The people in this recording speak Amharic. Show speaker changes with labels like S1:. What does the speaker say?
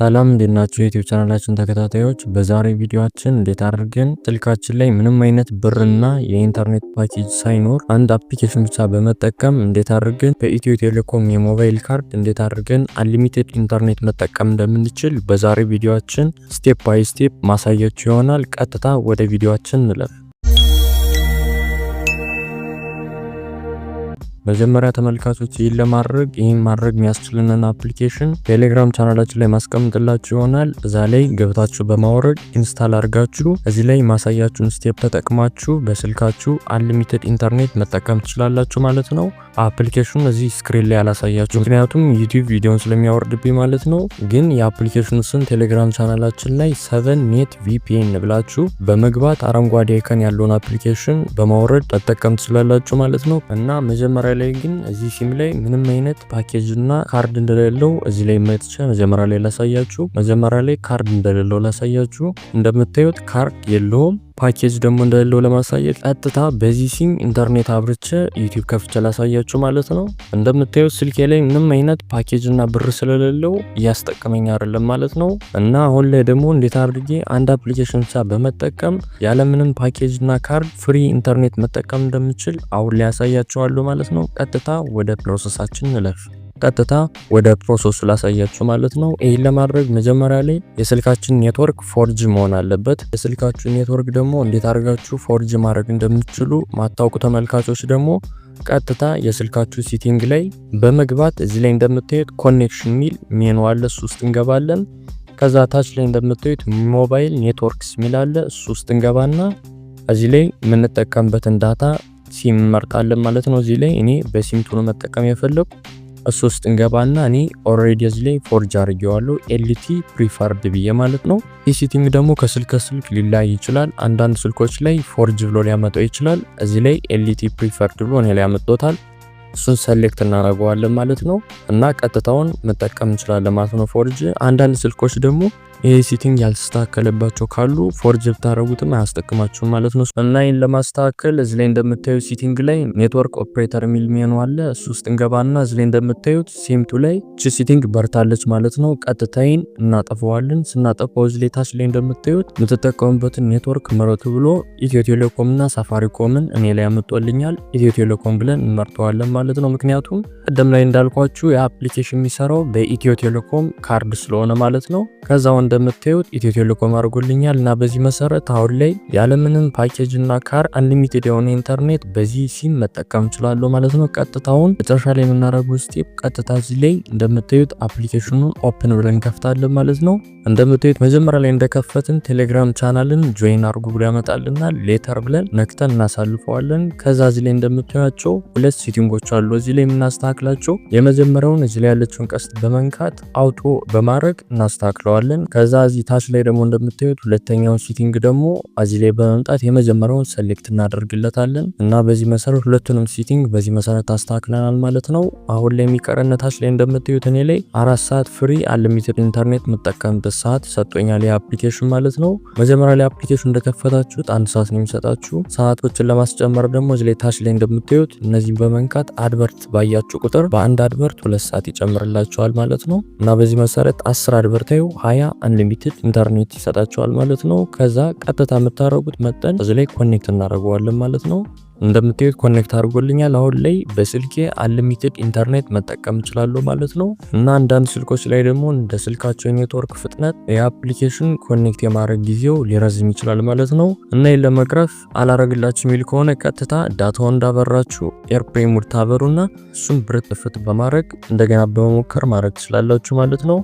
S1: ሰላም እንዴት ናችሁ? የዩቲዩብ ቻናላችን ተከታታዮች፣ በዛሬ ቪዲዮአችን እንዴት አድርገን ስልካችን ላይ ምንም አይነት ብርና የኢንተርኔት ፓኬጅ ሳይኖር አንድ አፕሊኬሽን ብቻ በመጠቀም እንዴት አድርገን በኢትዮ ቴሌኮም የሞባይል ካርድ እንዴት አድርገን አንሊሚትድ ኢንተርኔት መጠቀም እንደምንችል በዛሬ ቪዲዮአችን ስቴፕ ባይ ስቴፕ ማሳያችሁ ይሆናል። ቀጥታ ወደ ቪዲዮአችን እንለፍ። መጀመሪያ ተመልካቾች ይህን ለማድረግ ይህን ማድረግ የሚያስችልንን አፕሊኬሽን ቴሌግራም ቻናላችን ላይ ማስቀምጥላችሁ ይሆናል። እዛ ላይ ገብታችሁ በማውረድ ኢንስታል አድርጋችሁ እዚህ ላይ ማሳያችሁን ስቴፕ ተጠቅማችሁ በስልካችሁ አንሊሚትድ ኢንተርኔት መጠቀም ትችላላችሁ ማለት ነው። አፕሊኬሽኑን እዚህ ስክሪን ላይ አላሳያችሁ ምክንያቱም ዩቲዩብ ቪዲዮን ስለሚያወርድብኝ ማለት ነው። ግን የአፕሊኬሽኑ ስም ቴሌግራም ቻናላችን ላይ ሰቨን ኔት ቪፒኤን ብላችሁ በመግባት አረንጓዴ አይከን ያለውን አፕሊኬሽን በማውረድ መጠቀም ትችላላችሁ ማለት ነው እና መጀመሪያ መጨረሻ ላይ ግን እዚህ ሲም ላይ ምንም አይነት ፓኬጅ እና ካርድ እንደሌለው እዚህ ላይ መጥቼ መጀመሪያ ላይ ላሳያችሁ። መጀመሪያ ላይ ካርድ እንደሌለው ላሳያችሁ። እንደምታዩት ካርድ የለውም። ፓኬጅ ደግሞ እንደሌለው ለማሳየት ቀጥታ በዚህ ሲም ኢንተርኔት አብርቼ ዩቲዩብ ከፍቼ ላሳያችሁ ማለት ነው። እንደምታዩት ስልኬ ላይ ምንም አይነት ፓኬጅ እና ብር ስለሌለው እያስጠቀመኝ አይደለም ማለት ነው። እና አሁን ላይ ደግሞ እንዴት አድርጌ አንድ አፕሊኬሽን ብቻ በመጠቀም ያለምንም ፓኬጅ እና ካርድ ፍሪ ኢንተርኔት መጠቀም እንደምችል አሁን ላይ ያሳያችኋለሁ ማለት ነው። ቀጥታ ወደ ፕሮሰሳችን እንለፍ። ቀጥታ ወደ ፕሮሰሱ ላሳያችሁ ማለት ነው። ይህን ለማድረግ መጀመሪያ ላይ የስልካችን ኔትወርክ ፎርጅ መሆን አለበት። የስልካችን ኔትወርክ ደግሞ እንዴት አድርጋችሁ ፎርጅ ማድረግ እንደምትችሉ ማታውቁ ተመልካቾች ደግሞ ቀጥታ የስልካችሁ ሴቲንግ ላይ በመግባት እዚህ ላይ እንደምታዩት ኮኔክሽን ሚል ሜኑ አለ። እሱ ውስጥ እንገባለን። ከዛ ታች ላይ እንደምታዩት ሞባይል ኔትወርክስ ሚል አለ። እሱ ውስጥ እንገባና እዚህ ላይ የምንጠቀምበትን ዳታ ሲም እንመርጣለን ማለት ነው። እዚህ ላይ እኔ በሲምቱ ነው መጠቀም የፈለግኩ እሱ ውስጥ እንገባና እኔ ኦልሬዲ እዚህ ላይ ፎርጅ አርጌዋለሁ ኤልቲ ፕሪፈርድ ብዬ ማለት ነው። ይህ ደግሞ ከስልክ ስልክ ሊላይ ይችላል። አንዳንድ ስልኮች ላይ ፎርጅ ብሎ ሊያመጣው ይችላል። እዚህ ላይ ኤልቲ ፕሪፈርድ ብሎ እኔ ላይ ያመጣታል። እሱን ሰሌክት እናደርገዋለን ማለት ነው እና ቀጥታውን መጠቀም እንችላለን ማለት ነው ፎርጅ። አንዳንድ ስልኮች ደግሞ ይሄ ሲቲንግ ያልተስተካከለባቸው ካሉ ፎርጅ ብታደረጉትም አያስጠቅማችሁም ማለት ነው። እና ይህን ለማስተካከል እዚ ላይ እንደምታዩ ሲቲንግ ላይ ኔትወርክ ኦፕሬተር የሚል ሜኑ አለ። እሱ ውስጥ እንገባና እዚ ላይ እንደምታዩት ሲምቱ ላይ ች ሲቲንግ በርታለች ማለት ነው። ቀጥታይን እናጠፈዋለን። ስናጠፋው እዚ ላይ ታች ላይ እንደምታዩት የምትጠቀሙበትን ኔትወርክ ምረቱ ብሎ ኢትዮ ቴሌኮምና ሳፋሪኮምን እኔ ላይ ያመጦልኛል። ኢትዮ ቴሌኮም ብለን እንመርጠዋለን ማለት ነው። ምክንያቱም ቀደም ላይ እንዳልኳችሁ የአፕሊኬሽን የሚሰራው በኢትዮ ቴሌኮም ካርድ ስለሆነ ማለት ነው። ከዛውን እንደምታዩት ኢትዮ ቴሌኮም አድርጎልኛል እና በዚህ መሰረት አሁን ላይ ያለምንም ፓኬጅ እና ካር አንሊሚትድ የሆነ ኢንተርኔት በዚህ ሲም መጠቀም እችላለሁ ማለት ነው። ቀጥታውን መጨረሻ ላይ የምናደርገው ስቴፕ ቀጥታ እዚህ ላይ እንደምታዩት አፕሊኬሽኑን ኦፕን ብለን ከፍታለን ማለት ነው። እንደምትዩት መጀመሪያ ላይ እንደከፈትን ቴሌግራም ቻናልን ጆይን አርጉ ብሎ ያመጣልና ሌተር ብለን ነክተን እናሳልፈዋለን። ከዛ እዚህ ላይ እንደምታያቸው ሁለት ሴቲንጎች አሉ። እዚህ ላይ የምናስተካክላቸው የመጀመሪያውን እዚህ ላይ ያለችውን ቀስት በመንካት አውቶ በማድረግ እናስተካክለዋለን። ከዛ እዚህ ታች ላይ ደግሞ እንደምታዩት ሁለተኛውን ሴቲንግ ደግሞ እዚህ ላይ በመምጣት የመጀመሪያውን ሴሌክት እናደርግለታለን እና በዚህ መሰረት ሁለቱንም ሴቲንግ በዚህ መሰረት አስተካክለናል ማለት ነው። አሁን ላይ የሚቀረን ታች ላይ እንደምታዩት እኔ ላይ አራት ሰዓት ፍሪ አንሊሚትድ ኢንተርኔት መጠቀምበት በሚሰጥበት ሰዓት ይሰጡኛል የአፕሊኬሽን ማለት ነው። መጀመሪያ ላይ አፕሊኬሽን እንደከፈታችሁት አንድ ሰዓት ነው የሚሰጣችሁ። ሰዓቶችን ለማስጨመር ደግሞ እዚ ላይ ታች ላይ እንደምታዩት እነዚህም በመንካት አድቨርት ባያችሁ ቁጥር በአንድ አድቨርት ሁለት ሰዓት ይጨምርላችኋል ማለት ነው እና በዚህ መሰረት አስር አድቨርታዩ ሀያ አንሊሚትድ ኢንተርኔት ይሰጣችኋል ማለት ነው። ከዛ ቀጥታ የምታደረጉት መጠን እዚ ላይ ኮኔክት እናደርገዋለን ማለት ነው። እንደምታዩት ኮኔክት አድርጎልኛል። አሁን ላይ በስልኬ አንሊሚትድ ኢንተርኔት መጠቀም እችላለሁ ማለት ነው እና አንዳንድ ስልኮች ላይ ደግሞ እንደ ስልካቸው ኔትወርክ ፍጥነት የአፕሊኬሽን ኮኔክት የማድረግ ጊዜው ሊረዝም ይችላል ማለት ነው እና ይህን ለመቅረፍ አላረግላችሁ የሚል ከሆነ ቀጥታ ዳታውን እንዳበራችሁ ኤርፕሌን ሙድ ታበሩና እሱም ፍት በማድረግ እንደገና በመሞከር ማድረግ ትችላላችሁ ማለት ነው።